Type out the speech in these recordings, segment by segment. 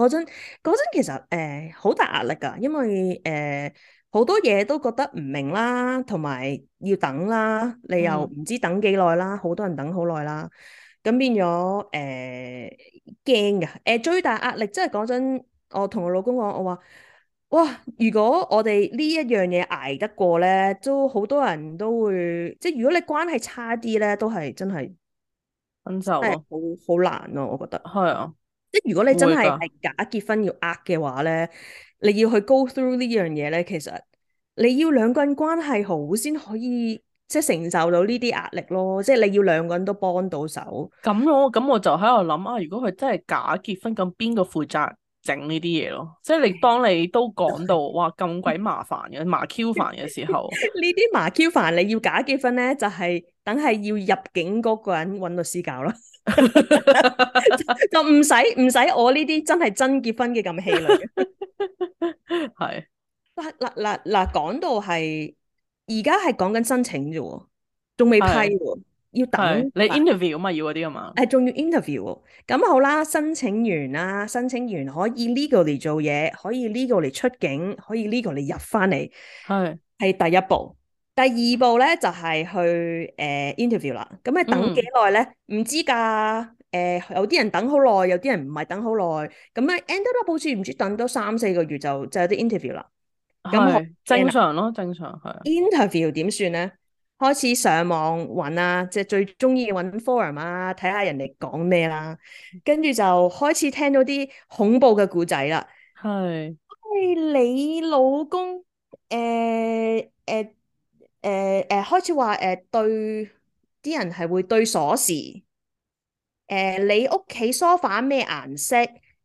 嗰陣嗰陣其實誒好、呃、大壓力噶，因為誒好、呃、多嘢都覺得唔明啦，同埋要等啦，你又唔知等幾耐啦，好、嗯、多人等好耐啦，咁變咗誒驚噶誒最大壓力，即係講真，我同我老公講，我話：哇，如果我哋呢一樣嘢捱得過咧，都好多人都會即係如果你關係差啲咧，都係真係分手，即係好好、啊、難咯、啊，我覺得係啊。即如果你真係係假結婚要呃嘅話咧，你要去 go through 呢樣嘢咧，其實你要兩個人關係好先可以即係承受到呢啲壓力咯。即係你要兩個人都幫到手。咁咯，咁我就喺度諗啊，如果佢真係假結婚，咁邊個負責整呢啲嘢咯？即係你當你都講到 哇咁鬼麻煩嘅麻 Q 煩嘅時候，呢 啲麻 Q 煩你要假結婚咧，就係、是、等係要入境嗰個人揾個律師教啦。 就唔使唔使我呢啲真係真結婚嘅咁氣女，係嗱嗱嗱，講到係而家係講緊申請啫，仲未批，要等你 interview，要 interview, 要 interview 啊嘛，要嗰啲啊嘛，係仲要 interview。咁好啦，申請完啦，申請完可以 legally 嚟做嘢，可以 legally 嚟出境，可以 legally 嚟入翻嚟，係係第一步。第二步咧，就係、是、去誒、呃、interview 啦，咁啊等幾耐咧？唔、嗯、知噶，誒、呃、有啲人等好耐，有啲人唔係等好耐。咁啊，end up 好似唔知等多三四個月就就有啲 interview 啦。咁正常咯，正常係、啊。interview 點算咧？開始上網揾啊，即、就、係、是、最中意揾 forum 啊，睇下人哋講咩啦，跟住就開始聽到啲恐怖嘅故仔啦。係，因為你老公誒誒。呃呃誒、呃、誒，開始話誒、呃，對啲人係會對鎖匙。誒、呃，你屋企梳化咩顏色？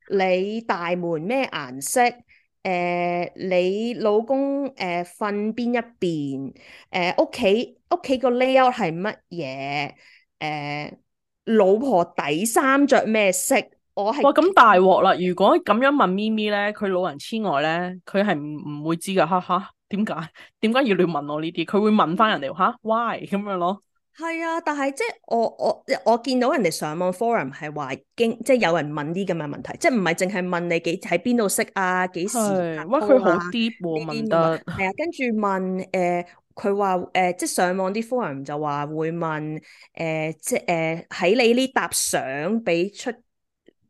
你大門咩顏色？誒、呃，你老公誒瞓邊一邊？誒、呃，屋企屋企個 layout 係乜嘢？誒、呃，老婆底衫着咩色？我係，哇，咁大鑊啦！如果咁樣問咪咪咧，佢老人痴呆、呃、咧，佢係唔唔會知噶，哈哈。點解點解要你問我呢啲？佢會問翻人哋吓，why 咁樣咯？係啊，但係即係我我我見到人哋上網 forum 係話經，即係有人問啲咁嘅問題，即係唔係淨係問你幾喺邊度識啊？幾時，啊？哇，佢好 deep 問得係啊，跟住問誒，佢話誒，即係上網啲 forum 就話會問誒、呃，即係誒喺你呢沓相俾出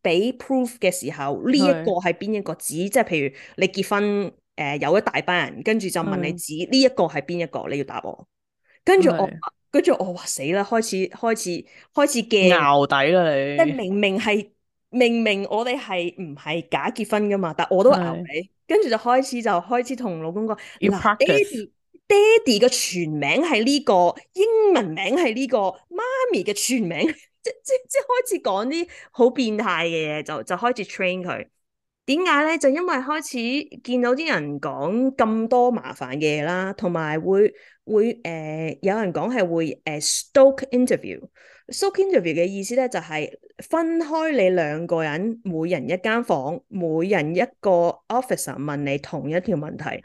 俾 proof 嘅時候，呢一個係邊一個指？即係譬如你結婚。誒、呃，有一大班人，跟住就問你指呢一、嗯，這個係邊一個，你要答我。跟住我、嗯、我，跟住我，話死啦！開始開始開始驚，拗底啦你。即明明係，明明我哋係唔係假結婚噶嘛？但我都拗你，跟住就開始就開始同老公講，嗱，爹哋爹哋嘅全名係呢、這個，英文名係呢、這個，媽咪嘅全名，即即即開始講啲好變態嘅嘢，就就開始 train 佢。點解咧？就因為開始見到啲人講咁多麻煩嘅嘢啦，同埋會會誒、呃，有人講係會誒 Stoke interview。Stoke interview 嘅意思咧，就係分開你兩個人，每人一間房，每人一個 officer 問你同一條問題，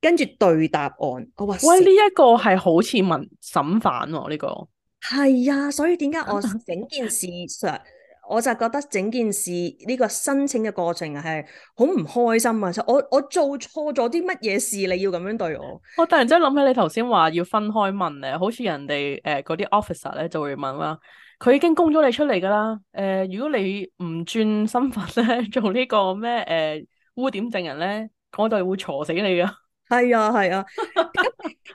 跟住對答案。我話喂，呢、這、一個係好似問審犯喎、啊、呢、這個。係啊，所以點解我想整件事上？ 我就覺得整件事呢、這個申請嘅過程係好唔開心啊！我我做錯咗啲乜嘢事，你要咁樣對我？我突然間諗起你頭先話要分開問咧，好似人哋誒、嗰啲 officer 咧就會問啦，佢已經供咗你出嚟噶啦，誒、呃，如果你唔轉身份咧，做呢個咩誒、呃、污點證人咧，我就會鋤死你噶。係啊係啊，咁、啊、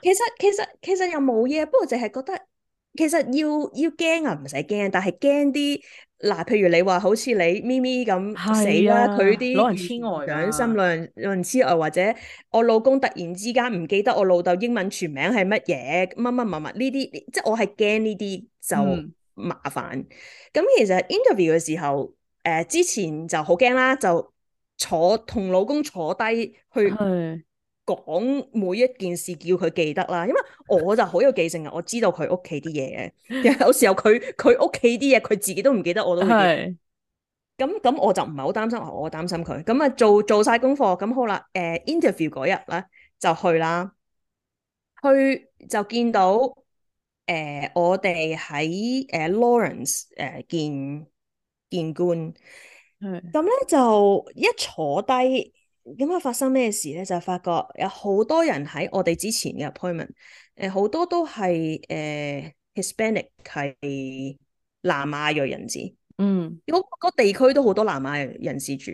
其實其實其實又冇嘢，不過就係覺得其實要要驚啊，唔使驚，但係驚啲。嗱，譬如你話好似你咪咪咁、啊、死啦，佢啲外兩心量，外人之外、啊，或者我老公突然之間唔記得我老豆英文全名係乜嘢，乜乜乜乜呢啲，即我係驚呢啲就麻煩。咁、嗯、其實 interview 嘅時候、呃，之前就好驚啦，就坐同老公坐低去。講每一件事，叫佢記得啦。因為我就好有記性啊，我知道佢屋企啲嘢嘅，有時候佢佢屋企啲嘢，佢自己都唔記得，我都記得。咁咁我就唔係好擔心，我擔心佢。咁啊，做做晒功課，咁好啦。誒、呃、interview 嗰日咧就去啦，去就見到誒、呃、我哋喺誒 Lawrence 誒、呃、見見官。咁咧就一坐低。咁啊！發生咩事咧？就發覺有好多人喺我哋之前嘅 appointment，呃、好多都係、呃、Hispanic 係南亞裔人士，嗯，嗰個地區都好多南亞裔人士住。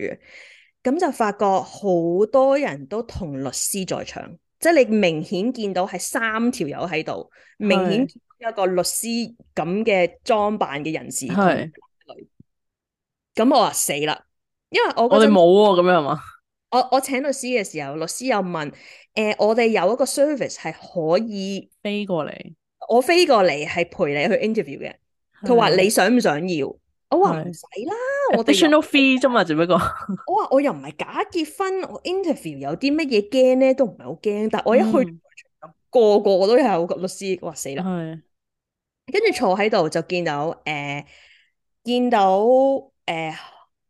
咁就發覺好多人都同律師在場，即係你明顯見到係三條友喺度，明顯見到有個律師咁嘅裝扮嘅人士，士，係。咁我話死啦，因為我我哋冇喎，咁樣嘛。我我請律師嘅時候，律師又問：誒、呃，我哋有一個 service 係可以飛過嚟，我飛過嚟係陪你去 interview 嘅。佢話你想唔想要？我話唔使啦，我哋 additional fee 啫嘛，只不過。我話我，我又唔係假結婚， 我 interview 有啲乜嘢驚咧，都唔係好驚，但係我一去，個、嗯、個都有個律師，哇死啦！跟住坐喺度就見到誒、呃，見到誒、呃、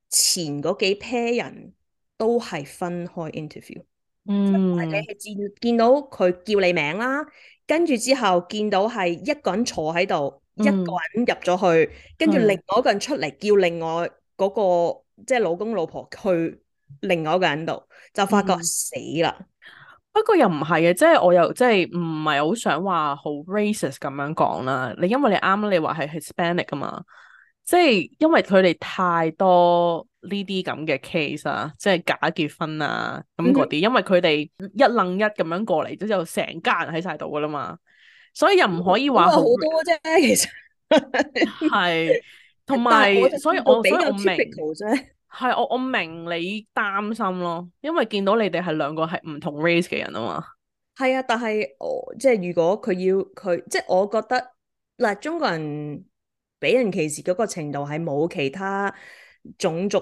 前嗰幾 pair 人。都係分開 interview，嗯，或者你係見見到佢叫你名啦，跟住之後見到係一個人坐喺度，嗯，一個人入咗去，跟住另外一個人出嚟，叫另外嗰個、那個、嗯、即係老公老婆去另外一個人度，就發覺死啦，嗯。不過又唔係嘅，即係我又即係唔係好想話好 racist 咁樣講啦。你因為你啱，你話係 Hispanic 噶嘛，即係因為佢哋太多。呢啲咁嘅 case 啊，即係假結婚啊咁嗰啲，因為佢哋一愣一咁樣過嚟，之後成家人喺晒度噶啦嘛，所以又唔可以話好多啫。其實係同埋，所以我，我，比較所以我所以我明，係我我明你擔心咯，因為見到你哋係兩個係唔同 race 嘅人啊嘛。係啊，但係我即係如果佢要佢，即係我覺得嗱，中國人俾人歧視嗰個程度係冇其他種族。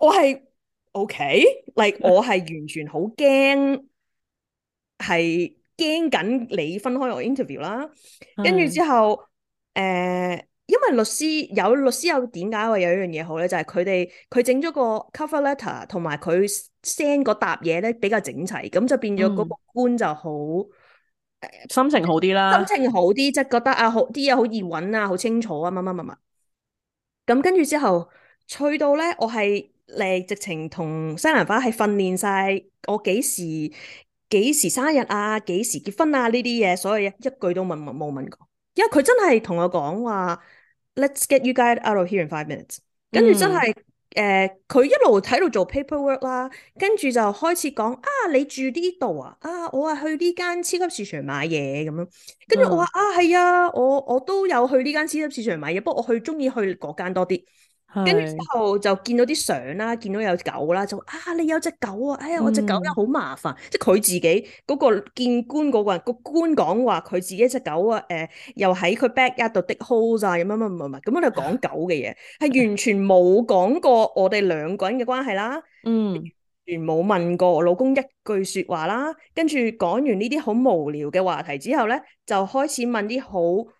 我係 OK，l、okay? like, 我係完全好驚，係驚緊你分開我 interview 啦。跟 住之後，誒、呃，因為律師有律師有點解會有一樣嘢好咧，就係佢哋佢整咗個 cover letter，同埋佢 send 嗰沓嘢咧比較整齊，咁就變咗嗰個官就好、嗯呃，心情好啲啦。心情好啲，即 係覺得啊，好啲嘢好易揾啊，好清楚啊，乜乜乜乜。咁跟住之後，趣到咧，我係。嚟直情同西蘭花係訓練晒我幾時幾時生日啊？幾時結婚啊？呢啲嘢，所以一,一句都問冇冇問過，因為佢真係同我講話，Let's get you guys out of here in five minutes、嗯。跟住真係誒，佢、呃、一路喺度做 paperwork 啦，跟住就開始講啊，你住呢度啊？啊，我話去呢間超級市場買嘢咁樣。跟住我話、嗯、啊，係啊，我我都有去呢間超級市場買嘢，不過我去鍾意去嗰間多啲。跟住之後就見到啲相啦，見到有狗啦，就啊你有隻狗啊，哎呀我隻狗又好麻煩、嗯，即佢自己嗰、嗰個見官嗰個人、嗰個官講話，佢自己隻狗啊、誒、什麼什麼什麼狗啊，又喺佢 backyard 度 dig holes 啊，咁樣乜乜乜咁我就講狗嘅嘢，係完全冇講過我哋兩個人嘅關係啦，嗯，完全冇問過我老公一句說話啦，跟住講完呢啲好無聊嘅話題之後咧，就開始問啲好～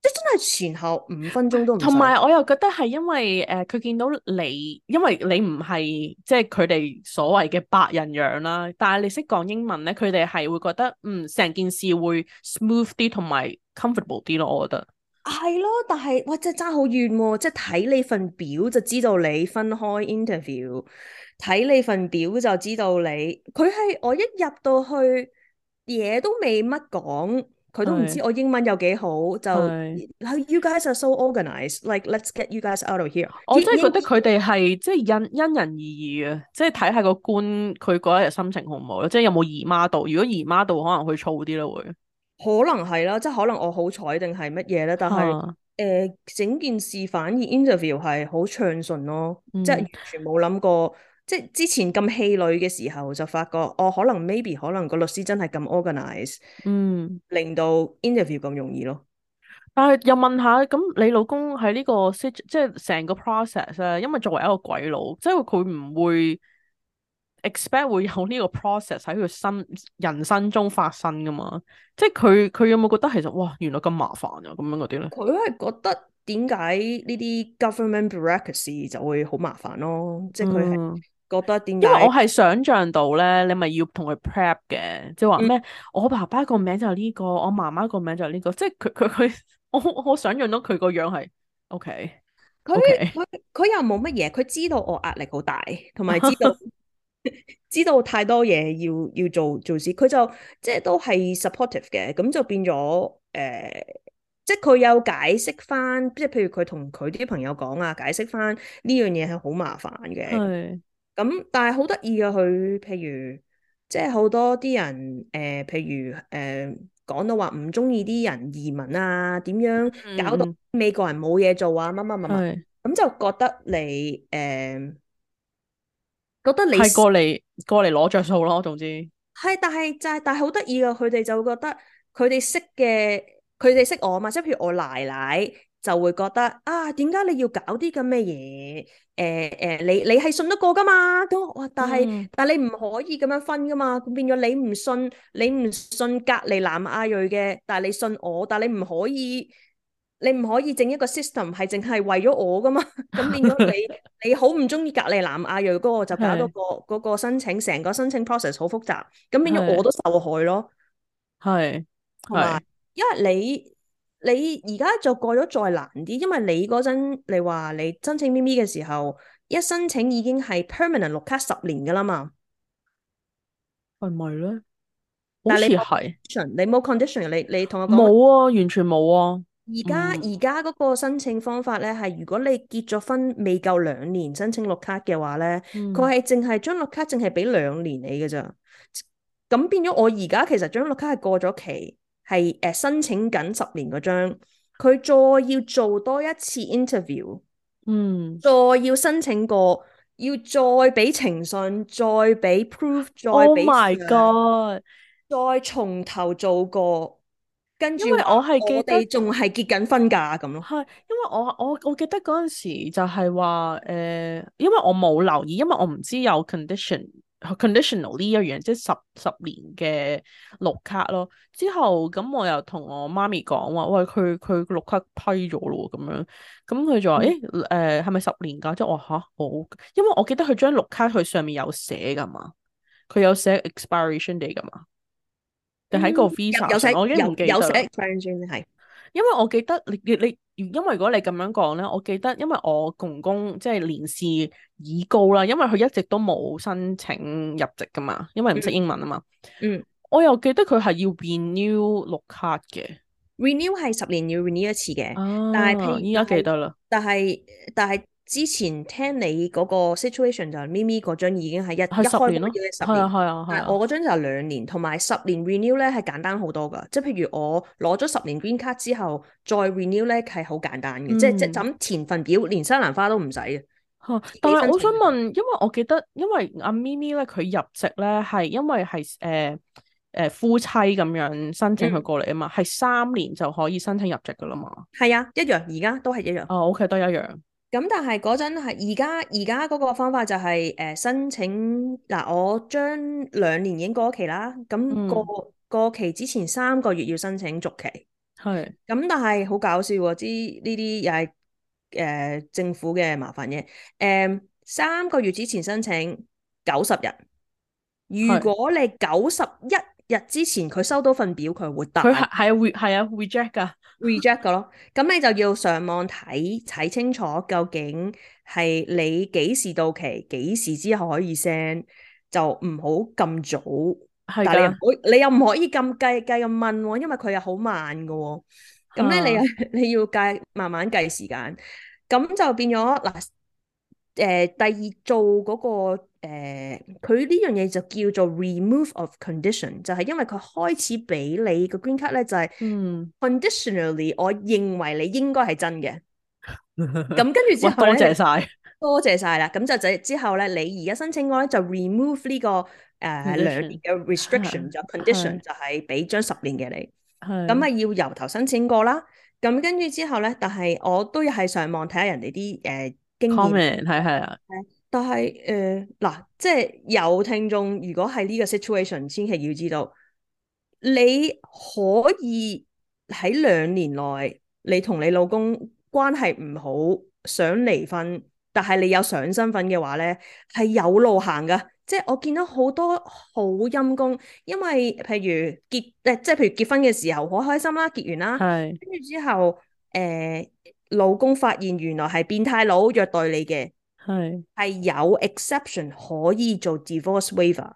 即真係前後五分鐘都唔同，同埋我又覺得係因為誒，佢、呃、見到你，因為你唔係即係佢哋所謂嘅白人樣啦，但係你識講英文咧，佢哋係會覺得嗯成件事會 smooth 啲，同埋 comfortable 啲咯，我覺得係咯，但係哇，真爭好遠喎，即係睇你份表就知道你分開 interview，睇你份表就知道你，佢係我一入到去嘢都未乜講。佢都唔知我英文有幾好，就 You guys are so organized Like let's get you guys out of here。我真係覺得佢哋係即係因 因人而異啊，即係睇下個官佢嗰一日心情好唔好咯，即係有冇姨媽度。如果姨媽度，可能會燥啲咯會。可能係啦，即係可能我好彩定係乜嘢咧？但係誒、啊呃，整件事反而 interview 係好暢順咯，嗯、即係完全冇諗過。即之前咁氣餒嘅時候，就發覺哦，可能 maybe 可能，可能個律師真係咁 organized 嗯，令到 interview 咁容易咯。但係又問下咁，你老公喺呢個即係成個 process 咧，因為作為一個鬼佬，即係佢唔會 expect 會有呢個 process 喺佢人生中發生噶嘛。即係佢佢有冇覺得其實哇，原來咁麻煩啊，咁樣嗰啲咧？佢都係覺得點解呢啲 government bureaucracy 就會好麻煩咯？即佢係。嗯覺得點？因為我係想象到咧，你咪要同佢 prep 嘅，即係話咩？我爸爸個名就係呢、這個，我媽媽個名就係呢、這個，即係佢佢佢，我我想象到佢個樣係 OK。佢佢佢又冇乜嘢，佢知道我壓力好大，同埋知道 知道太多嘢要要做做事，佢就即係都係 supportive 嘅，咁就變咗誒、呃，即係佢有解釋翻，即係譬如佢同佢啲朋友講啊，解釋翻呢樣嘢係好麻煩嘅。咁、嗯、但係好得意嘅佢，譬如即係好多啲人，誒、呃、譬如誒講、呃、到話唔中意啲人移民啊，點樣搞到美國人冇嘢做啊，乜乜乜乜，咁、嗯嗯、就覺得你誒、呃、覺得你係過嚟過嚟攞着數咯，總之係，但係就係但係好得意嘅，佢哋就會覺得佢哋識嘅佢哋識我啊嘛，即係譬如我奶奶。就會覺得啊，點解你要搞啲咁嘅嘢？誒、呃、誒、呃，你你係信得過噶嘛？咁但係、嗯、但係你唔可以咁樣分噶嘛？咁變咗你唔信，你唔信隔籬南亞裔嘅，但係你信我，但係你唔可以，你唔可以整一個 system 係淨係為咗我噶嘛？咁變咗你 你好唔中意隔籬南亞裔嗰個就搞嗰、嗰個、嗰個申請，成個申請 process 好複雜，咁變咗我都受害咯，係係，因為你。你而家就過咗再難啲，因為你嗰陣你話你申請咪咪嘅時候，一申請已經係 permanent 綠卡十年噶啦嘛，係咪咧？好似係，你冇 condition，你你同我冇啊，完全冇啊。而家而家嗰個申請方法咧，係如果你結咗婚未夠兩年申請綠卡嘅話咧，佢係淨係張綠卡淨係俾兩年你嘅咋，咁變咗我而家其實張綠卡係過咗期。係誒申請緊十年嗰張，佢再要做多一次 interview，嗯，再要申請過，要再俾情信，再俾 proof，再俾錢、oh my god，再從頭做過，跟住我係記得仲係結緊婚㗎咁咯，係因為我我我記得嗰陣時就係話誒，因為我冇、呃、留意，因為我唔知有 condition。conditional 呢一樣，即係十十年嘅綠卡咯，之後咁我又同我媽咪講話，喂，佢佢綠卡批咗咯咁樣，咁佢就話誒誒係咪十年噶？即係我吓好。因為我記得佢張綠卡佢上面有寫噶嘛，佢有寫 expiration day 噶嘛，定係一個 visa？我而家唔記。有寫。係。因為我記得你你。你你因為如果你咁樣講咧，我記得因為我公公即係、就是、年事已高啦，因為佢一直都冇申請入籍噶嘛，因為唔識英文啊嘛，嗯。嗯，我又記得佢係要 renew 綠卡嘅，renew 係十年要 renew 一次嘅、啊，但係依家記得啦。但係但係。之前聽你嗰個 situation 就咪咪嗰張已經係一係十年了，一開門要你十年，係啊係、啊啊、我嗰張就係兩年，同埋十年 renew 咧係簡單好多㗎。即係譬如我攞咗十年 green 卡之後再 renew 咧係好簡單嘅、嗯，即係即係咁填份表，連西蘭花都唔使嘅。但係我想問，因為我記得因為阿咪咪咧佢入籍咧係因為係誒誒夫妻咁樣申請佢過嚟啊嘛，係、嗯、三年就可以申請入籍㗎啦嘛。係啊，一樣，而家都係一樣。哦，OK，都一樣。咁但係嗰陣係而家而家嗰個方法就係、是、誒、呃、申請嗱、呃、我將兩年已經過了期啦，咁過、嗯、過期之前三個月要申請續期，係咁但係好搞笑知呢啲又係誒政府嘅麻煩嘢，誒、呃、三個月之前申請九十日，如果你九十一。日之前佢收到份表佢會得，佢係啊會啊 reject 噶 reject 噶咯，咁你就要上網睇睇清楚究竟係你幾時到期，幾時之後可以 send，就唔好咁早。但係，你又唔可以咁計計咁問喎，因為佢又好慢嘅喎。咁咧你你要計慢慢計時間，咁就變咗嗱。誒、呃、第二做嗰、那個佢呢樣嘢就叫做 remove of condition，就係因為佢開始俾你個 green card 咧，就係、是、conditionally，、嗯、我認為你應該係真嘅。咁跟住之後多謝晒，多謝晒啦。咁就就之後咧，你而家申請過咧，就 remove 呢、這個誒、呃嗯、兩年嘅 restriction，、嗯、就是、condition 是就係、是、俾張十年嘅你。咁啊要由頭申請過啦。咁跟住之後咧，但係我都係上網睇下人哋啲誒。呃經驗係係啊，但係誒嗱，即係有聽眾。如果係呢個 situation，千祈要知道，你可以喺兩年內，你同你老公關係唔好，想離婚，但係你有上身份嘅話咧，係有路行噶。即係我見到好多好陰功，因為譬如結誒，即係譬如結婚嘅時候好開心啦，結完啦，跟住之後誒。呃老公發現原來係變態佬虐待你嘅，係有 exception 可以做 divorce waiver。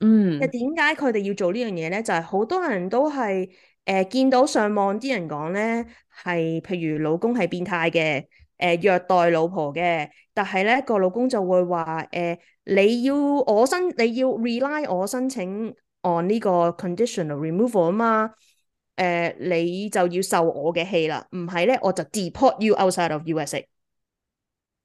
嗯，一點解佢哋要做這件事呢樣嘢咧？就係、是、好多人都係誒、呃、見到上網啲人講咧，係譬如老公係變態嘅，誒、呃、虐待老婆嘅，但係咧個老公就會話、呃、你要我申你要 rely 我申請 on 呢個 conditional removal 嘛。」誒、uh,，你就要受我嘅氣啦，唔係咧我就 deport you outside of USA。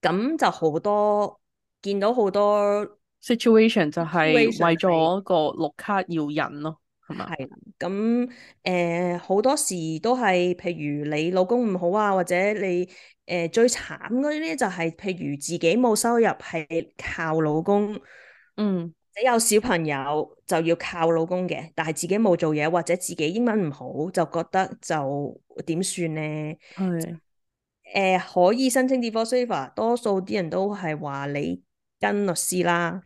咁就好多見到好多 situation 就係為咗個綠卡要忍咯，係嘛？係咁，誒，好多時都係，譬如你老公唔好啊，或者你誒最慘嗰啲就係，譬如自己冇收入係靠老公，嗯。有小朋友就要靠老公嘅，但係自己冇做嘢或者自己英文唔好，就覺得就點算呢？係誒、呃、可以申請 divorce waiver，多數啲人都係話你跟律師啦。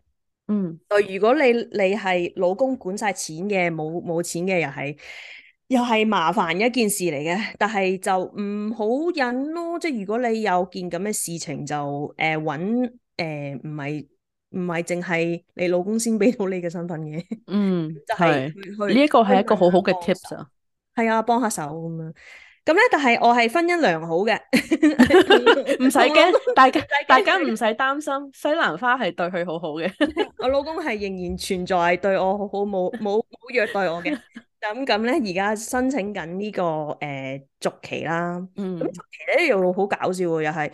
嗯，就如果你你係老公管晒錢嘅，冇冇錢嘅又係又係麻煩一件事嚟嘅，但係就唔好忍咯。即係如果你有件咁嘅事情就誒揾誒唔係。呃唔係淨係你老公先俾到你嘅身份嘅。嗯，係、就、呢、係、一個係 一個好好嘅 tips 啊，係 啊 用怕，幫下手咁啊，咁咧但係我係婚姻良好嘅，唔使驚，大大家唔使擔心， 西蘭花係對佢好好嘅， 我老公係仍然存在對我好好，冇冇冇虐待我嘅，咁咁咧而家申請緊、這、呢個誒、呃、續期啦，嗯，咁續期咧又好搞笑又係。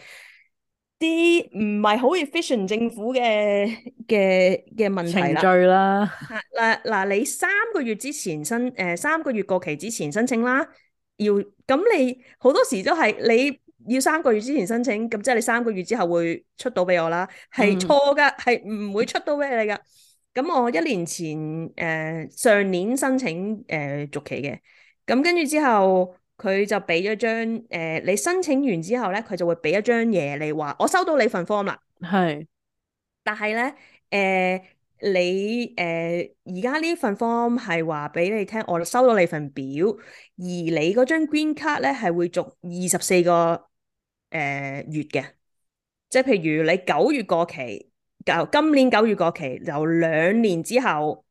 啲唔係好 efficient 政府嘅嘅嘅問題啦，程序啦，嗱嗱、啊啊，你三個月之前申，誒、呃、三個月過期之前申請啦，要咁你好多時都係你要三個月之前申請，咁即係你三個月之後會出到俾我啦，係錯噶，係、嗯、唔會出到俾你噶，咁我一年前，誒、呃、上年申請，誒、呃、續期嘅，咁跟住之後。佢就俾咗張誒、呃，你申請完之後咧，佢就會俾一張嘢你話，我收到你，form、呃你呃、份 form 啦。係，但係咧，誒你誒而家呢份 form 係話俾你聽，我收到你份表，而你嗰張 green card 咧係會續二十四個、呃、月嘅，即係譬如你九月，月過期，就今年九月過期，由兩年之後。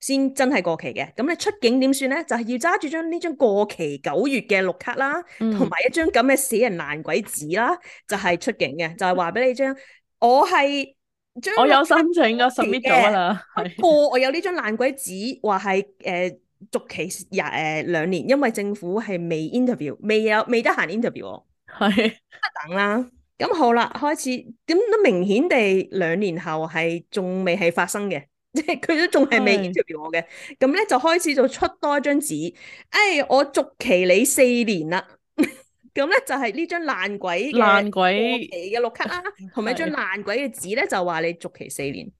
先真係過期嘅，咁你出境點算咧？就係、是、要揸住張呢張過期九月嘅綠卡啦，同、嗯、埋一張咁嘅死人爛鬼紙啦，就係、是、出境嘅，就係話俾你知，我係我有申請嘅，submit 咗啦，過我有呢張爛鬼紙，話係誒續期廿誒兩年，因為政府係未 interview，未有未得閒 interview，係等啦。咁好啦，開始咁都明顯地兩年後係仲未係發生嘅。即係佢都仲係未應酬我嘅，咁咧就開始就出多一張紙，誒、哎，我續期你四年啦，咁 咧就係呢張爛鬼爛鬼嘅綠卡啦，同埋一張爛鬼嘅紙咧就話你續期四年，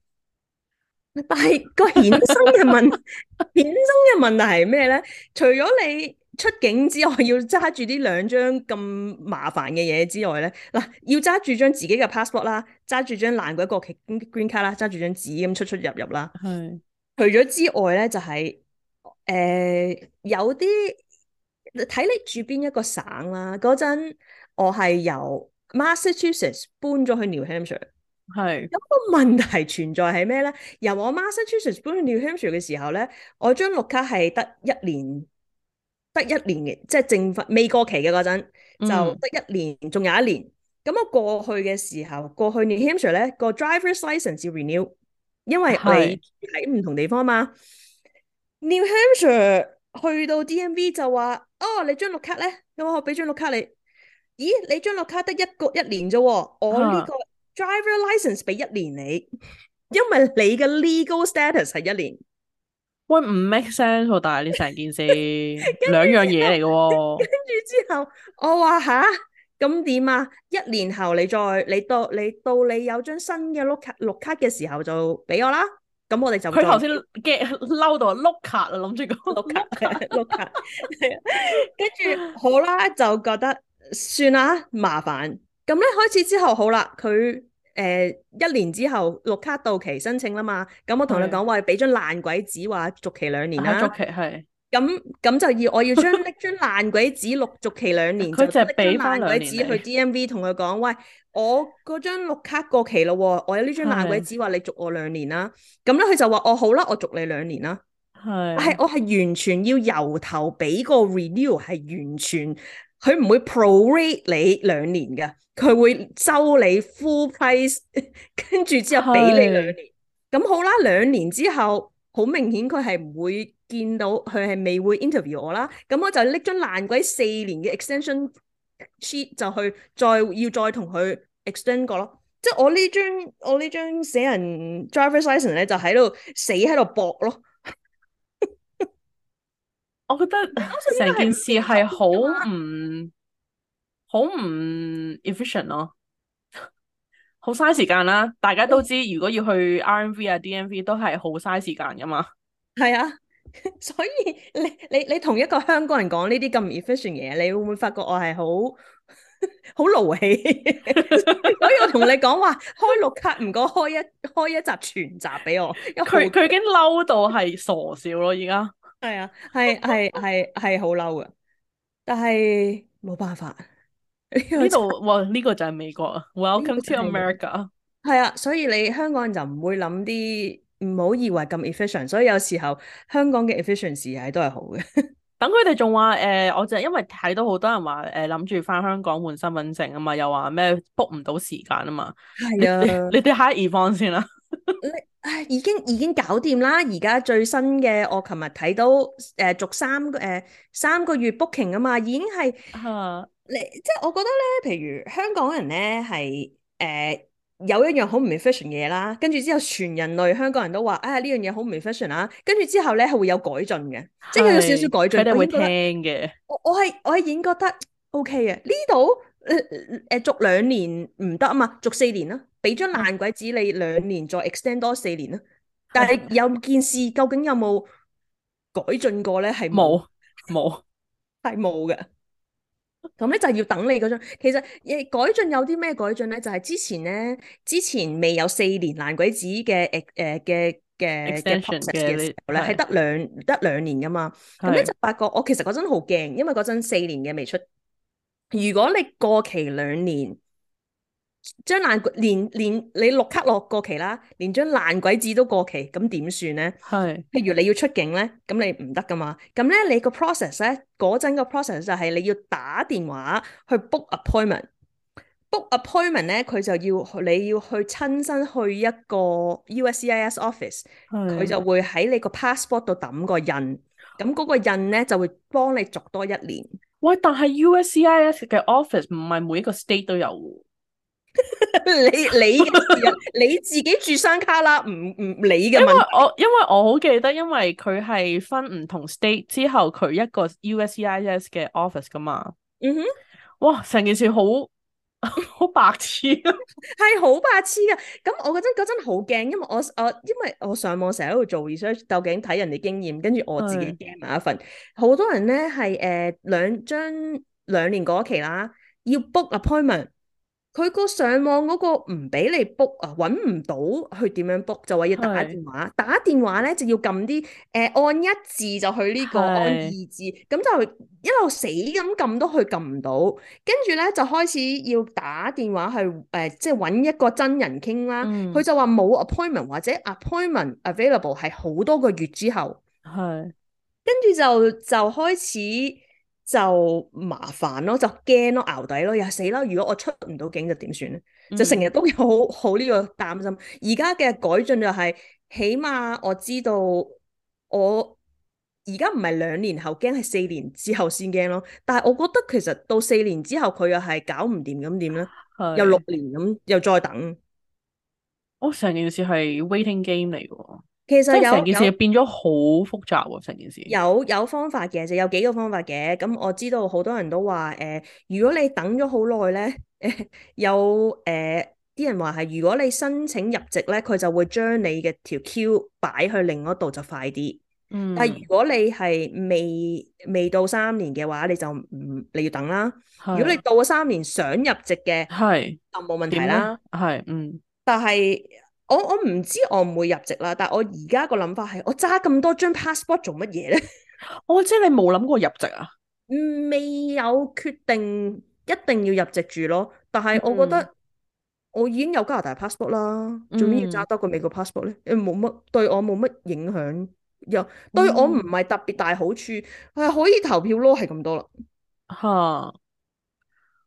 是但係個衍生嘅問 衍生嘅問題係咩咧？除咗你出境之外要揸住呢兩張咁麻煩嘅嘢之外咧，嗱要揸住張自己嘅 passport 啦，揸住張爛鬼國旗 green card 卡啦，揸住張紙咁出出入入啦。係。除咗之外咧，就係、是呃、有啲睇你住邊一個省啦、啊。嗰陣我係由 Massachusetts 搬咗去 New Hampshire，係。咁個問題存在係咩咧？由我 Massachusetts 搬去 New Hampshire 嘅時候咧，我張綠卡係得一年。得一年嘅，即係正未過期嘅嗰陣，就得一年，仲有一年。咁、嗯、我過去嘅時候，過去 New Hampshire 咧，個 driver license renew，因為你喺唔同地方嘛。New Hampshire 去到 DMV 就話：，哦，你張綠卡咧，咁我俾張綠卡你？咦，你張綠卡得一個一年啫，我呢個 driver license 俾一年你、啊，因為你嘅 legal status 係一年。喂，唔 make sense，但係你成件事兩樣嘢嚟嘅。 跟住之後，哦、之後我話吓咁點啊？一年後你再你到你到你有張新嘅綠卡綠卡嘅時候就俾我啦。咁我哋就佢頭先嘅嬲到碌卡啊諗住嗰碌卡碌卡， 跟住好啦，就覺得算啦，麻煩。咁咧開始之後好啦，佢。誒、呃、一年之後，綠卡到期申請啦嘛，咁我同佢講，喂，俾張爛鬼紙話續期兩年啦。續期係。咁咁就以我要將呢 張爛鬼紙續續期兩年。即係俾返爛鬼紙去 DMV 同佢講，喂，我嗰張綠卡過期咯，我有呢張爛鬼紙話你續我兩年啦。咁咧，佢就話，我、哦、好啦，我續你兩年啦。係。係我係完全要由頭俾個 renew 係完全。佢唔會 prorate 你兩年嘅，佢會收你 full price，跟住之後俾你兩年。咁好啦，兩年之後，好明顯佢係唔會見到，佢係未會 interview 我啦。咁我就拎張爛鬼四年嘅 extension sheet 就去再要再同佢 extend 過咯。即係我呢張我呢張寫人 driver license 咧，就喺度死喺度搏咯。我覺得成件事係好唔好唔 efficient 咯，好嘥時間啦、啊！大家都知，如果要去 RMV 啊、DMV 都係好嘥時間噶嘛。係啊，所以你你你同一個香港人講呢啲咁唔 efficient 嘢，你會唔會發覺我係好好勞氣？ 所以我同你講話開六卡，唔該開一開一集全集俾我。佢佢已經嬲到係傻笑咯，而家。係啊，係係係係好嬲噶，但係冇辦法。呢度哇呢個就係美國啊、這個，Welcome to America。係啊，所以你香港人就唔會諗啲，唔好以為咁 efficient。所以有時候香港嘅 efficient 事係都係好嘅。等佢哋仲話誒，我就係因為睇到好多人話誒諗住翻香港換身份證啊嘛，又話咩 book 唔到時間啊嘛。係啊，你哋開 event 先啦。你 唉已經已經搞掂啦，而家最新嘅我琴日睇到誒、呃，續三個誒、呃、三個月 booking 啊嘛，已經係吓你即係我覺得咧，譬如香港人咧係誒有一樣好唔 efficient 嘢啦，跟住之後全人類香港人都話啊呢樣嘢好唔 efficient 啊，跟住之後咧係會有改進嘅，即係有少少改進。佢哋會聽嘅。我我係我係已經覺得，已經覺得 OK 嘅呢度。這誒誒，續兩年唔得啊嘛，續四年啦，俾張爛鬼紙你兩年再 extend 多四年啦。但係有件事究竟有冇改進過咧？係冇冇，係冇嘅。咁咧就係要等你嗰張。其實誒，改進有啲咩改進咧？就係、是、之前咧，之前未有四年爛鬼紙嘅誒誒嘅嘅嘅嘅時候咧，係得兩得兩年噶嘛。咁咧就發覺我其實嗰陣好驚，因為嗰陣四年嘅未出。如果你過期兩年，張爛年年你綠卡落過期啦，連張爛鬼紙都過期，咁點算咧？係譬如你要出境咧，咁你唔得噶嘛。咁咧你個 process 咧，嗰陣個 process 就係你要打電話去 book appointment，book appointment 咧，佢就要你要去你要親身去一個 USCIS office，佢就會喺你個 passport 度揼個印，咁嗰個印咧就會幫你續多一年。喂，但係 USCIS 嘅 office 唔係每一個 state 都有 你你 你自己住新卡啦？唔唔，你嘅問題？我因為我好記得，因為佢係分唔同 state 之後，佢一個 USCIS 嘅 office 噶嘛。嗯哼，哇，成件事好～好 白痴癡， 係好白痴噶。咁我覺得嗰陣好驚，因為我我因為我上網成日喺度做 research，究竟睇人哋經驗，跟住我自己驚埋一份。好多人咧係誒兩張兩年嗰期啦，要 book appointment。佢個上網嗰個唔俾你 book 啊，搵唔到佢點樣 book，就話、是、要打電話。打電話咧就要撳啲誒，按一字就去呢、這個，按二字咁就一路死咁撳都去撳唔到，跟住咧就開始要打電話去誒，即係搵一個真人傾啦。佢、嗯、就話冇 appointment 或者 appointment available 係好多個月之後。係，跟住就就開始。就麻煩咯，就驚咯，淆底咯，又死啦！如果我出唔到境就點算咧？就成日、嗯、都有好呢個擔心。而家嘅改進就係、是，起碼我知道我而家唔係兩年後驚，係四年之後先驚咯。但係我覺得其實到四年之後佢又係搞唔掂咁點咧？又六年咁又再等。我、哦、成件事係 waiting game 嚟喎。其實有成件事變咗好複雜喎、啊，成件事有有方法嘅，就有幾個方法嘅。咁我知道好多人都話誒、呃，如果你等咗好耐咧，有誒啲、呃、人話係如果你申請入籍咧，佢就會將你嘅條 queue 擺去另一度就快啲。嗯，但係如果你係未未到三年嘅話，你就唔你要等啦。啊、如果你到咗三年想入籍嘅，係就冇問題啦。係嗯，但係。我我唔知我唔會入籍啦，但係我而家個諗法係，我揸咁多張 passport 做乜嘢咧？我真係冇諗過入籍啊？未有決定，一定要入籍住咯。但係我覺得我已經有加拿大 passport 啦，做、嗯、咩要揸多個美國 passport 咧？冇乜對我冇乜影響，又對我唔係特別大好處，係、嗯、可以投票咯，係咁多啦。吓。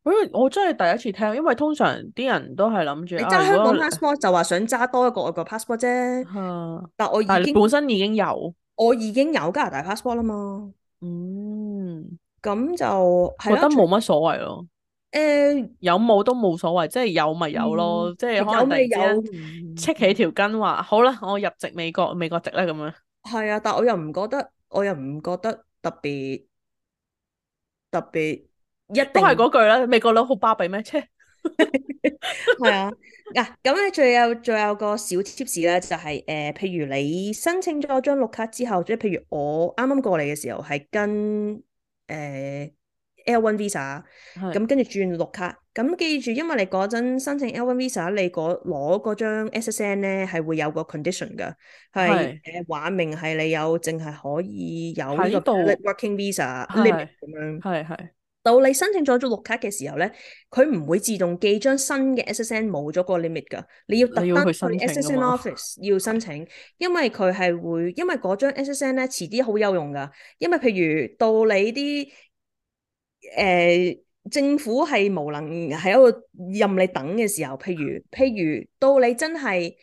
欸、我真係第一次聽，因為通常啲人都係諗住，你揸香港 passport 就話想揸多一個外國 passport 啫。但我已經本身已經有，我已經有加拿大 passport 啦嘛。嗯，咁就是、啊、覺得冇乜所謂咯。誒、欸，有冇都冇所謂，即係有咪有咯，嗯、即係有咪有？突然之間起條筋話，好啦，我入籍美國，美國籍咧咁樣。係啊，但係我又唔覺得，我又唔覺得特別特別。都係嗰句啦，美國佬好巴閉咩？啫？係啊！嗱、啊，咁咧，仲有仲有個小 tips 咧，就係、是、誒、呃，譬如你申請咗張綠卡之後，即係譬如我啱啱過嚟嘅時候，係跟誒 L one visa，咁跟住轉綠卡。咁、嗯、記住，因為你嗰陣申請 L one visa，你攞嗰張 SSN 咧，係會有個 condition 嘅，係誒、呃、話明係你有淨係可以有呢個 working visa 咁樣，係係。到你申請咗咗綠卡嘅時候咧，佢唔會自動寄張新嘅 SSN 冇咗個 limit 噶，你要特登去 SSN office 要申請，因為佢係會，因為嗰張 SSN 咧遲啲好有用噶，因為譬如到你啲誒、呃、政府係無能，係一個任你等嘅時候，譬如譬如到你真係誒、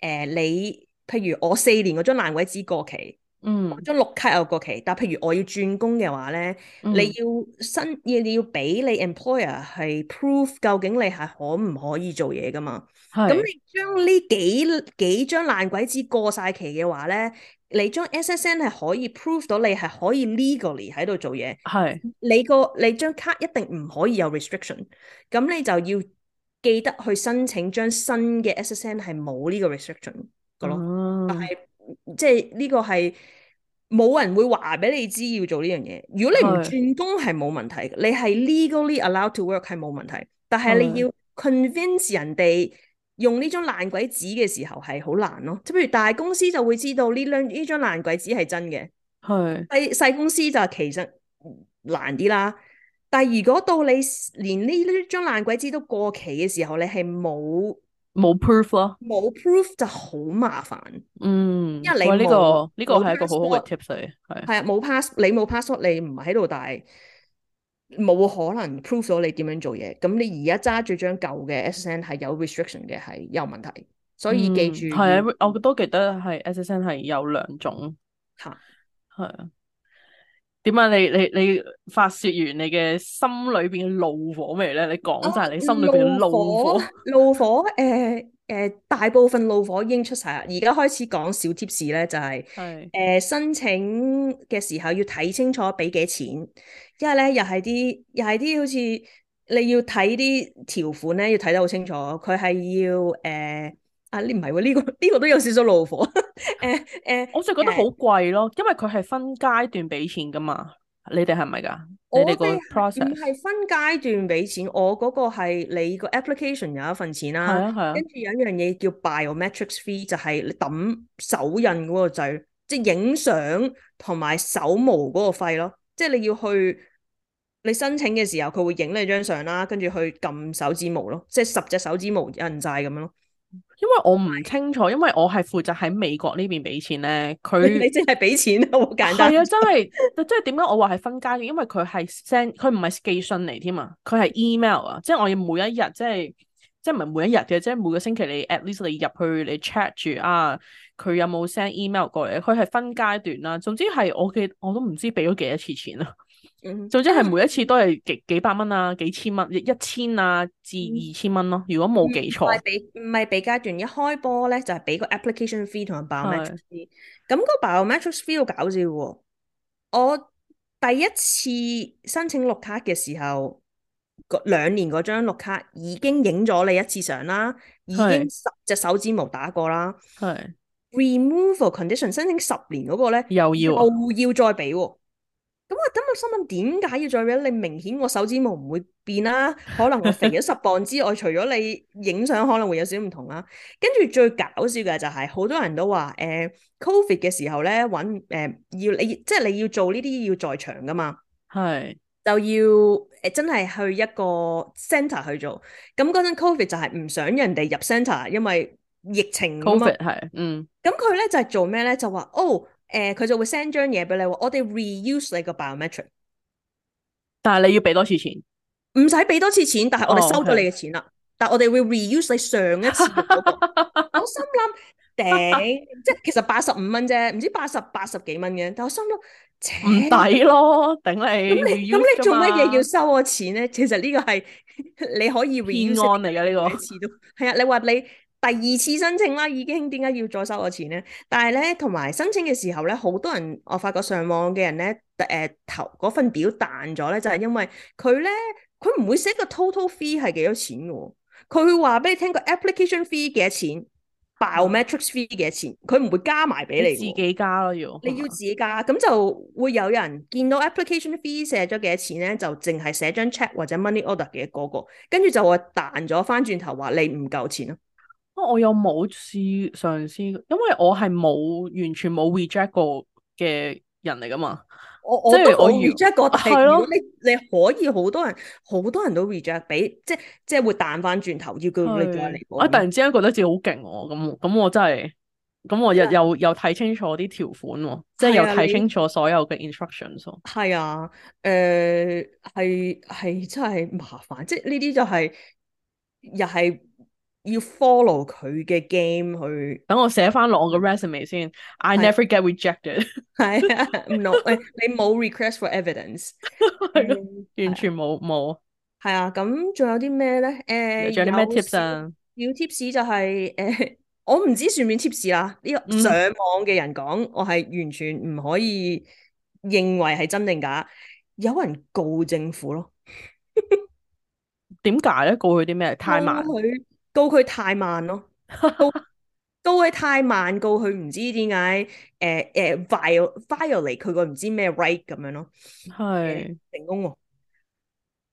呃、你，譬如我四年嗰張爛鬼紙過期。嗯，將綠卡又過期，但譬如我要轉工嘅話咧、嗯，你要新嘢，你要俾你 employer 係 prove 究竟你係可唔可以做嘢噶嘛？係咁你將呢幾幾張爛鬼紙過晒期嘅話咧，你將 SSN 係可以 prove 到你係可以 legally 喺度做嘢，係你個你張卡一定唔可以有 restriction，咁你就要記得去申請張新嘅 SSN 係冇呢個 restriction 噶咯，嗯、但係。即係呢個係冇人會話俾你知要做呢樣嘢。如果你唔轉工係冇問題，你係 legally allowed to work 係冇問題。但係你要 convince 人哋用呢張爛鬼紙嘅時候係好難咯。即係譬如大公司就會知道呢兩呢張爛鬼紙係真嘅，係細細公司就其實難啲啦。但係如果到你連呢呢張爛鬼紙都過期嘅時候，你係冇。冇 proof 咯，冇 proof 就好麻煩，嗯，因為你呢、這個呢、這個係一個好好嘅 tips 嚟，係係啊冇 pass，你冇 password 你唔喺度，但係冇可能 proof 到你點樣做嘢，咁你而家揸住張舊嘅 SSN 係有 restriction 嘅係有問題，所以記住係啊、嗯，我都記得係 SSN 係有兩種，吓係啊。點你你你發泄完你嘅心裏邊怒火未咧？你講晒你心裏邊怒火、啊。怒火？誒 誒、呃呃，大部分怒火已經出晒啦。而家開始講小 tips 咧，就係、是、誒、呃、申請嘅時候要睇清楚俾幾幾錢，因為咧又係啲又係啲好似你要睇啲條款咧，要睇得好清楚。佢係要誒。呃啊，你唔係呢個呢、這個都有少少怒火，誒、哎、誒、哎，我就覺得好貴咯，哎、因為佢係分階段俾錢噶嘛。你哋係咪噶？我哋唔係分階段俾錢，我嗰個係你個 application 有一份錢啦、啊，跟住、啊啊、有一樣嘢叫 biometrics fee，就係你抌手印嗰個掣，即係影相同埋手模嗰個費咯。即係你要去你申請嘅時候，佢會影你張相啦，跟住去撳手指模咯，即係十隻手指模印製咁樣咯。因為我唔清楚，因為我係負責喺美國呢邊俾錢咧，佢你即係俾錢好簡單，係啊，真係， 即係點解我話係分階段，因為佢係 send，佢唔係寄信嚟添啊，佢係 email 啊，就是，即係我要每一日，即係即係唔係每一日嘅，即係每個星期你 at least 你入去你 check 住啊，佢有冇 send email 過嚟？佢係分階段啦，總之係我記，我都唔知俾咗幾多次錢啊。嗯、總之係每一次都係幾幾百蚊啊，幾千蚊，一千啊至二千蚊咯、啊。如果冇記錯，唔係俾唔係俾階段一開波咧，就係、是、俾個 application fee 同埋 biometrics 咁、那個 biometrics fee 好搞笑喎。我第一次申請綠卡嘅時候，個兩年嗰張綠卡已經影咗你一次相啦，已經十隻手指模打過啦 removal condition 申請十年嗰個咧又要、啊、又要再俾。咁我咁我心諗，點解要再畀？你明顯我手指模唔會變啦、啊，可能我肥咗十磅之外， 除咗你影相可能會有少少唔同啦、啊。跟住最搞笑嘅就係、是、好多人都話，誒、呃、，Covid 嘅時候咧，搵誒、呃、要你即係、就是、你要做呢啲要在場噶嘛，係就要誒、呃、真係去一個 center 去做。咁嗰陣 Covid 就係唔想人哋入 center 因為疫情嘛。Covid 係，嗯。咁佢咧就係做咩咧？就話、是、哦。誒、呃，佢就會 send 張嘢俾你話，我哋 reuse 你個 biometric。但係你要俾多次錢？唔使俾多次錢，但係我哋收咗你嘅錢啦。Oh, okay. 但係我哋會 reuse 你上一次、嗰個、 我心諗頂，即係 其實八十五蚊啫，唔知八十八十幾蚊嘅。但我心諗，唔抵咯，頂你，你。咁你做乜嘢要收我錢咧？其實呢個係你可以 reuse 嚟嘅呢個。係啊， 你話你。第二次申請啦，已經點解要再收我錢咧？但係咧，同埋申請嘅時候咧，好多人我發覺上網嘅人咧，誒頭嗰份表彈咗咧，就係、是、因為佢咧，佢唔會寫個 total fee 係幾多錢喎，佢會話俾你聽個 application fee 幾多錢，包、哦、biometrics fee 幾多錢，佢唔會加埋俾你。你自己加咯要，你要自己加，咁、啊、就會有人見到 application fee 寫咗幾多錢咧，就淨係寫張 check 或者 money order 嘅嗰、那個，跟住就會彈咗，翻轉頭話你唔夠錢咯。我又冇試嘗試，因為我係冇完全冇 reject 過嘅人嚟噶嘛。我，我沒有即係我 reject 過係咯。你你可以好多人好、啊、多人都 reject，俾即係即係會彈翻轉頭要叫你再嚟。我突然之間覺得自己好勁啊！咁咁我，我真係，咁我又又又睇清楚啲條款，即係又睇清楚所有嘅 instructions。係啊，誒、呃，係係真係麻煩，即係呢啲就係、是、又係。要 follow 佢嘅 game，佢等我寫翻落我個 resume 先。I never get rejected。係啊，唔 落不 你冇 request for evidence、 嗯。完全冇冇。係啊，咁仲、啊、有啲咩咧？誒、呃，仲有啲咩 tips 啊？要 tips 就係、是、誒、呃，我唔知算唔算 tips 啊。呢、這個上網嘅人講， 我係完全唔可以認為係真定假。有人告政府咯，點解咧？告佢啲咩？太慢佢。告佢太慢咯，告 佢太慢，告佢唔知點解，誒誒 violate 佢個唔知咩 right 咁樣咯，係、呃、成功喎。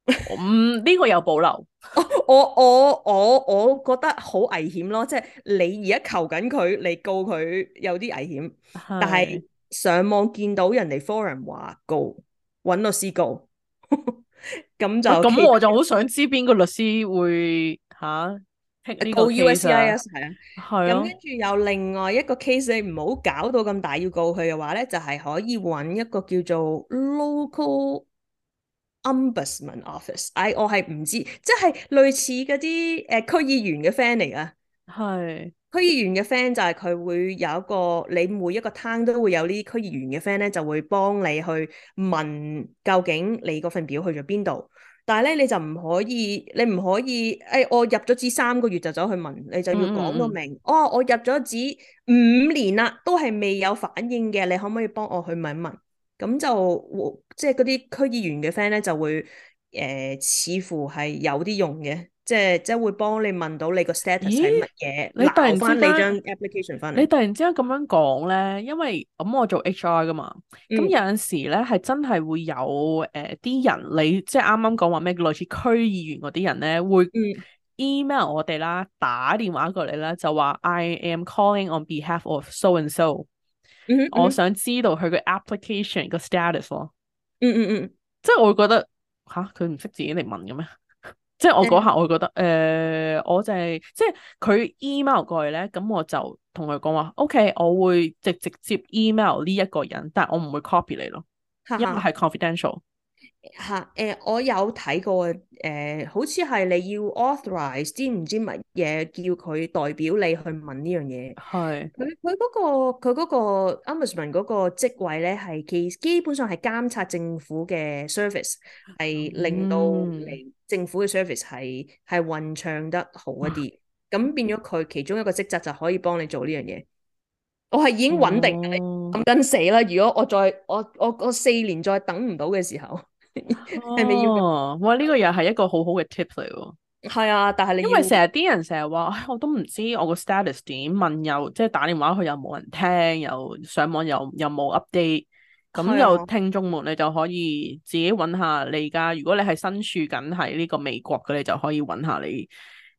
咁邊個有保留？ 我我我我我覺得好危險咯，即係你而家求緊佢，你告佢有啲危險，但係上網見到人哋 forum 話告，揾律師告，咁 就咁、啊、我就好想知邊個律師會吓。啊告 USIS 啊，係啊。咁跟住又另外一個 case，你唔好搞到咁大要告佢嘅話咧，就係、是、可以揾一個叫做 local，ombudsman office、哎。唉，我係唔知道，即、就、係、是、類似嗰啲誒區議員嘅 friend 嚟啊。係區議員嘅 friend 就係佢會有一個你每一個攤都會有呢區議員嘅 friend 咧，就會幫你去問究竟你嗰份表去咗邊度。但係咧，你就唔可以，你唔可以，誒、哎，我入咗紙三個月就走去問，你就要講個明、嗯嗯嗯，哦，我入咗紙五年啦，都係未有反應嘅，你可唔可以幫我去問一問？咁就即係嗰啲區議員嘅 friend 咧，就會誒、呃，似乎係有啲用嘅。即係即係會幫你問到你個 status 係乜嘢，你突然之間 application 翻嚟，你突然之間咁樣講咧，因為咁我做 HR 噶嘛，咁有陣時咧係、嗯、真係會有誒啲、呃、人，你即係啱啱講話咩類似區議員嗰啲人咧，會 email 我哋啦、嗯，打電話過嚟咧就話 I am calling on behalf of so and so，嗯哼嗯哼，我想知道佢個 application 個 status 咯。嗯嗯嗯，即係我會覺得吓佢唔識自己嚟問嘅咩？即係我嗰下，我覺得，誒、嗯呃，我就係、是、即係佢 email 過嚟咧，咁我就同佢講話，OK，我會直直接 email 呢一個人，但係我唔會 copy 你咯， 因為係 confidential。吓、啊，誒、呃，我有睇過，誒、呃，好似係你要 authorize，知唔知乜嘢叫佢代表你去問、那個、呢樣嘢？係佢佢嗰個佢嗰個 Ombudsman 嗰個職位咧，係基基本上係監察政府嘅 service，係、嗯、令到你政府嘅 service 係係順暢得好一啲，咁、嗯、變咗佢其中一個職責就可以幫你做呢樣嘢。我係已經穩定咁緊、嗯、死啦！如果我再我我我四年再等唔到嘅時候。係 咪要、啊？哇！呢、這個又係一個好好嘅 tips 嚟喎。係啊，但係你因為成日啲人成日話，我都唔知我個 status 點，問又即係打電話佢又冇人聽，又上網又又冇 update，咁又聽眾們、啊、你就可以自己搵下你而家，如果你係身處緊喺呢個美國嘅，你就可以搵下你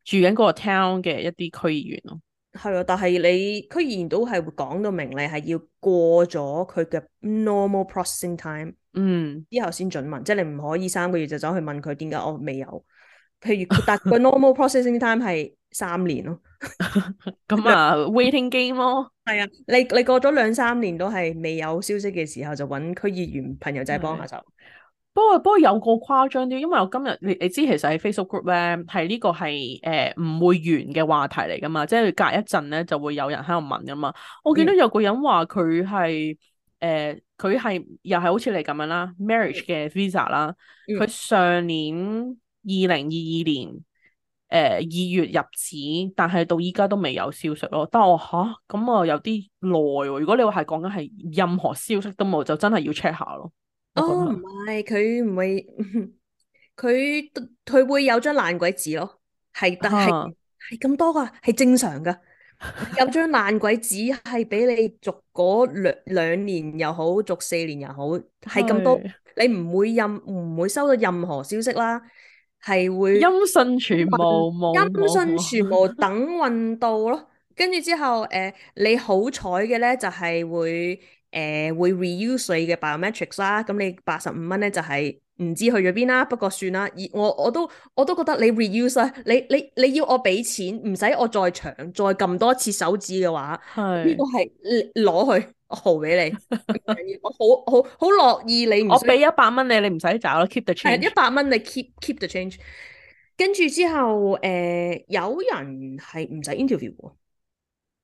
住緊嗰個 town 嘅一啲區議員咯。係啊，但係你區議員都係會講到明，你係要過咗佢嘅 normal processing time。嗯，之後先準問，即係你唔可以三個月就走去問佢點解我未有。譬如佢答個 normal processing time 係 三年咯，咁 那啊 waiting game 咯、啊，係啊，你你過咗兩三年都係未有消息嘅時候，就揾區議員朋友仔幫下手、嗯。不過不過有個誇張啲，因為我今日你你知其實喺 Facebook group 咧，係呢個係誒唔會完嘅話題嚟噶嘛，即係隔一陣咧就會有人喺度問噶嘛。我見到有個人話佢係誒。嗯呃佢係又係好似你咁樣啦，marriage 嘅 visa 啦，佢、嗯、上年二零二二年誒二、呃、月入紙，但係到依家都未有消息咯。但我吓咁啊，有啲耐喎。如果你話係講緊係任何消息都冇，就真係要 check 下咯。下哦，唔係佢唔會佢佢會有張爛鬼紙咯。係，但係係咁多噶，係正常㗎。 有張爛鬼紙係俾你續嗰兩兩年又好續四年又好，係咁多，你唔會任唔會收到任何消息啦，係會音訊全無，無，音訊全無，等運到咯。跟住之後，誒、呃，你好彩嘅咧就係、是、會誒、呃、會 reuse 你嘅 biometrics 啦，咁你八十五蚊咧就係、是。唔知去咗邊啦，不過算啦，而我我都我都覺得你 reuse 啊，你你你要我俾錢，唔使我再長再撳多次手指嘅話，呢、這個係攞去毫俾你， 我好好好樂意你唔。我俾一百蚊你，你唔使找啦。keep the change。一百蚊你 keep keep the change，跟住之後，誒、呃，有人係唔使 interview，、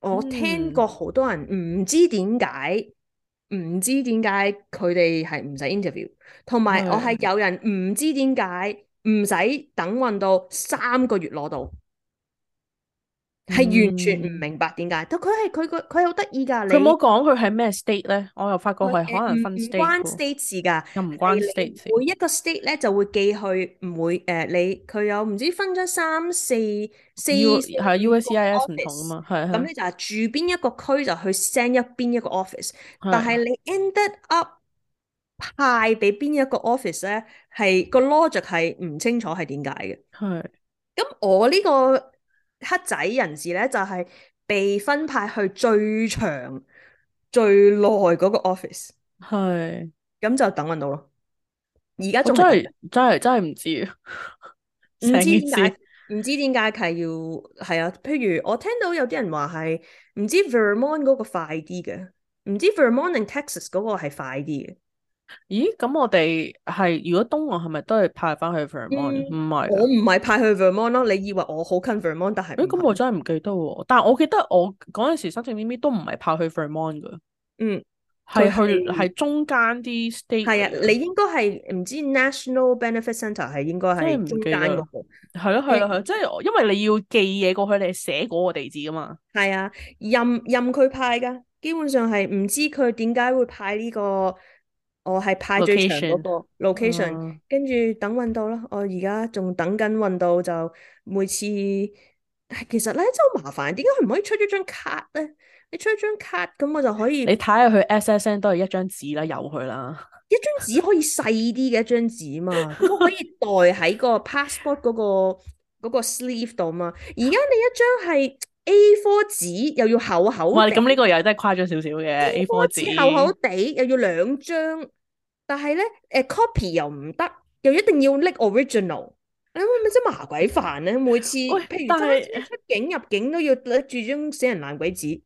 嗯、我聽過好多人唔知點解。唔知點解佢哋係唔使 interview，同埋我係有人唔知點解唔使等運到三個月攞到。係完全唔明白點解，但佢係佢個佢好得意噶。你冇講佢係咩 state 咧，我又發覺係可能分 states 嘅。又唔關 state，每一個 state 咧，就會寄去每誒你佢有唔知分咗三四四係 USCIS 唔同啊嘛，係咁你就住邊一個區就去 send 一邊一個 office，但係你 ended up 派俾邊一個 office 咧，係個 logic 係唔清楚係點解嘅。係咁我呢個。黑仔人士咧就係、是、被分派去最長最耐嗰個 office，係咁就等運到咯。而家仲真係真係真係唔知，唔知點解唔知點解係要係啊？譬如我聽到有啲人話係唔知 Vermont 嗰個快啲嘅，唔知 Vermont and Texas 嗰個係快啲嘅。咦，咁我哋係如果東岸係咪都係派翻去 Vermont？唔、嗯、係，我唔係派去 Vermont 咯。你以為我好近 Vermont？但係誒，咁我真係唔記得喎。但我記得我嗰陣時申請 Mimi 都唔係派去 Vermont 噶。嗯，係去係中間啲 state。係啊，你應該係唔知 National Benefit Centre 係應該係中間嗰個。係咯係咯係，即係因為你要寄嘢過去，你寫嗰個地址噶嘛。係啊，任任佢派噶，基本上係唔知佢點解會派呢個。我係派最長嗰、那個 location，跟住、啊、等運到咯。我而家仲等緊運到，就每次其實咧真係好麻煩。點解佢唔可以出咗張卡咧？你出咗張卡咁我就可以。你睇下佢 S S N 都係一張紙啦，郵佢啦。一張紙可以細啲嘅一張紙嘛，我 可以袋喺個 passport 嗰、那個嗰、那個 sleeve 度嘛。而家你一張係。 A 4紙又要厚厚，哇！咁呢個又真係誇張少少嘅。A 4紙厚厚地又要兩張，但係咧，誒、 uh,，copy 又唔得，又一定要搦 original。你哎唔咪真麻鬼煩咧！每次，譬如出出境入境都要攞住張死人爛鬼紙。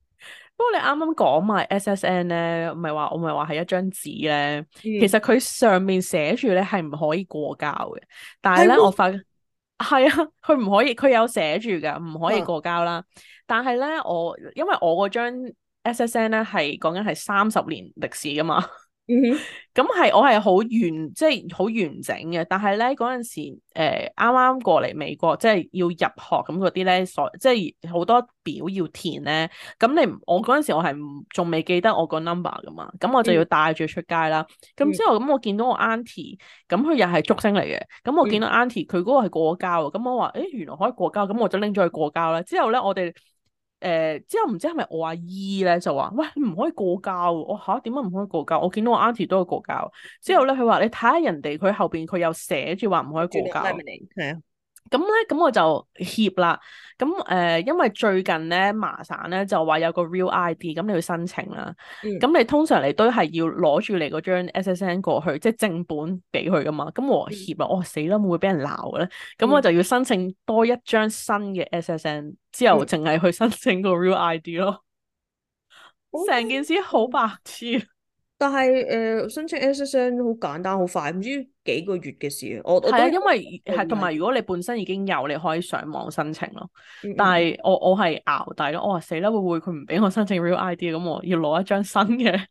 不過你啱啱講埋 SSN 咧，唔係話我唔係話係一張紙咧，其實佢上面寫住咧係唔可以過膠嘅，但係咧我發。係啊，佢唔可以，佢有寫住噶，唔可以過膠啦。啊、但係咧，我因為我嗰張 SSN 咧係講緊係三十年歷史噶嘛。嗯，咁 係我係好完，即係好完整嘅。但係咧嗰陣時，誒啱啱過嚟美國，即係要入學咁嗰啲咧，所即係好多表要填咧。咁你我嗰陣時我係唔仲未記得我個 number 噶嘛，咁我就要帶住出街啦。咁、嗯、之後咁我見到我 aunty 咁佢又係竹星嚟嘅。咁我見到 aunty 佢嗰個係過交啊。咁我話誒、嗯欸，原來可以過交，咁我就拎咗去過交啦。之後咧我哋。誒、呃，之後唔知係咪我阿姨咧就話，喂，唔可以過膠，我吓，點解唔可以過膠？我見到我阿姨都係過膠。」之後咧佢話，你睇下人哋佢後邊佢又寫住話唔可以過膠，係啊。 咁咧，咁我就協啦。咁、呃、因為最近咧麻省咧就話有個 real ID，咁你要申請啦。咁、嗯、你通常都你都係要攞住你嗰張 SSN 過去，即係正本俾佢噶嘛。咁我協啊，我、嗯哦、死啦，會唔會俾人鬧咧？咁、嗯、我就要申請多一張新嘅 SSN，之後淨係去申請個 real ID 咯。成、嗯、件事好白痴。但係誒、呃，申請 S S N 好簡單，好快，唔知幾個月嘅事。我我覺得、啊、因為係同埋，如果你本身已經有，你可以上網申請咯、嗯嗯。但係我我係熬大咯，我話死啦，會唔會佢唔俾我申請 Real ID、嗯、啊？咁我要攞一張新嘅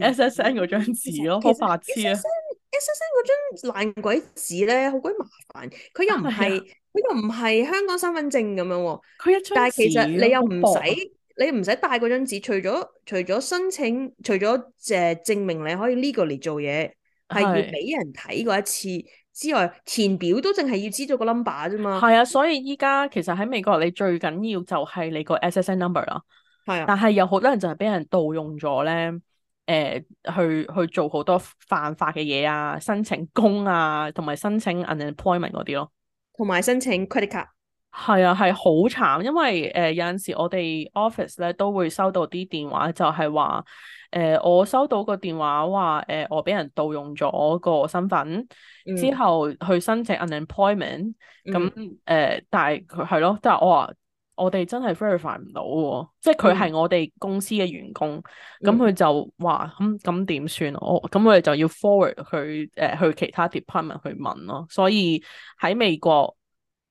S S N 嗰張紙咯。好白痴啊。其實 S S N、S S N 嗰張爛鬼紙咧，好鬼麻煩。佢又唔係佢又唔係香港身份證咁樣。佢一出但係其實你又唔使。你唔使帶嗰張紙，除咗除咗申請，除咗誒、呃、證明你可以 legal 嚟做嘢，係要俾人睇過一次之外，填表都淨係要知道個 number 啫嘛。係啊，所以依家其實喺美國，你最緊要就係你個 SSN number 啦。係啊，但係有好多人就係俾人盜用咗咧，誒、呃、去去做好多犯法嘅嘢啊，申請工啊，同埋申請 unemployment 嗰啲咯，同埋申請 credit card。係啊，係好慘，因為誒、呃、有陣時我哋 office 咧都會收到啲電話就是說，就係話誒我收到個電話話誒、呃、我俾人盜用咗個身份、嗯、之後去申請 unemployment，咁、嗯、誒、呃、但係佢係咯，即係我話我哋真係 verify 唔到、嗯，即係佢係我哋公司嘅員工，咁、嗯、佢就話咁咁點算？我咁我哋就要 forward 去誒、呃、去其他 department 去問咯，所以喺美國。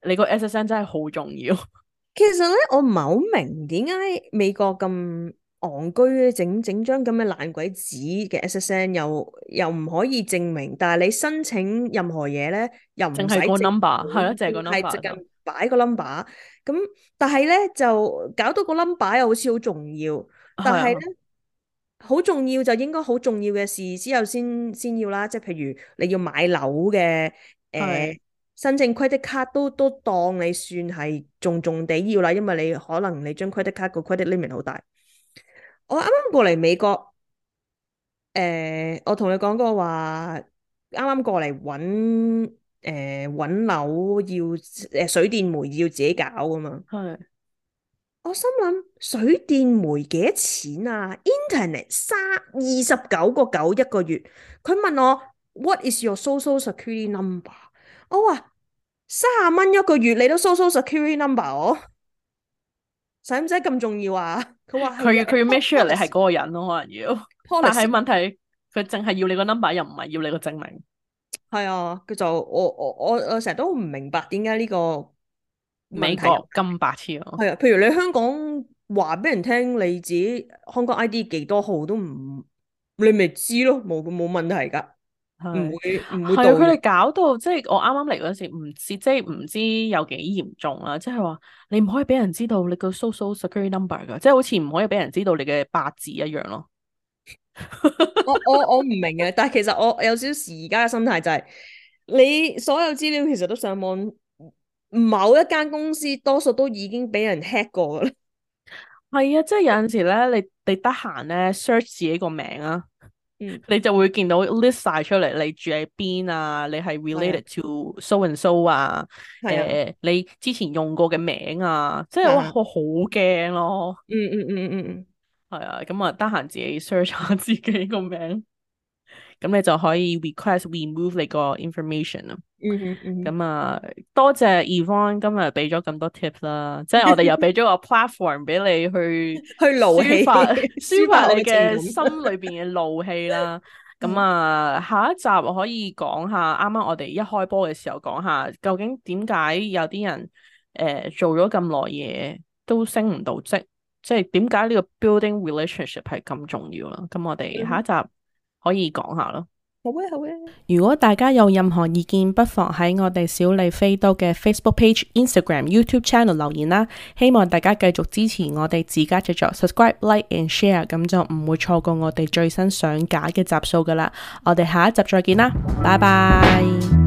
你個 SSN 真係好重要。其實咧，我唔係好明點解美國咁戇居，整整張咁嘅爛鬼紙嘅 SSN 又又唔可以證明。但係你申請任何嘢咧，又唔使個 number，係咯，淨係個 number，係直近擺個 number。咁但係咧就搞到個 number 又好似好重要，但係咧好重要就應該好重要嘅事之後先先要啦。即係譬如你要買樓嘅，誒、呃。申請 credit 卡都都當你算係重重地要啦，因為你可能你張 credit 卡個 credit limit 好大。我啱啱過嚟美國，誒、欸，我同你講過話，啱啱過嚟揾誒揾樓要誒水電煤要自己搞噶嘛。係。我心諗水電煤幾多錢啊？Internet 三二十九個九一個月。佢問我 What is your social security number？我話三十蚊一個月，你都 social security number，使唔使咁重要啊？佢話佢要佢要 make sure 你係嗰個人咯，可能要。可能係問題，佢淨係要你個 number，又唔係要你個證明。係啊，佢就我我我我成日都唔明白點解呢個美國咁白痴啊？係啊，譬如你香港話俾人聽你自己香港 ID 幾多號都唔，你咪知咯，冇冇問題噶。唔會唔會係、就是就是、啊！佢哋搞到即係我啱啱嚟嗰時唔知，即係唔知有幾嚴重啦！即係話你唔可以俾人知道你個 social security number 噶，即係好似唔可以俾人知道你嘅八字一樣咯。 我我我唔明嘅，但係其實我有少少而家嘅心態就係、是，你所有資料其實都上網，某一間公司多數都已經俾人 hack 過噶啦。係啊，即、就、係、是、有陣時咧，你你得閒咧 search 自己個名啊。 你就會見到 list 曬出嚟，你住喺邊啊？你係 related to so and so 啊？誒、啊 uh，啊，你之前用過嘅名啊，即係、哇、我好驚咯！嗯嗯嗯嗯、啊、嗯，嗯，嗯，係啊，咁啊，得閒自己 search 下自己個名。咁你就可以 request remove 你個 information 啊。咁、mm -hmm, mm -hmm. 啊，多謝 Yvonne 今日俾咗咁多 tip 啦，即 係我哋又俾咗個 platform 俾你去去抒發抒發你嘅心裏邊嘅怒氣啦。咁 啊，下一集我可以講下啱啱 我哋一開波嘅時候講下，究竟點解有啲人誒、呃、做咗咁耐嘢都升唔到職，即係點解呢個 building relationship 係咁重要啦。咁我哋下一集。Mm -hmm. 可以講下咯。好嘅，好嘅。如果大家有任何意見，不妨喺我哋小李飛刀嘅 Facebook page、Instagram、YouTube channel 留言啦。希望大家繼續支持我哋自家製作，subscribe、like and share，咁就唔會錯過我哋最新上架嘅集數噶啦。我哋下一集再見啦，拜拜。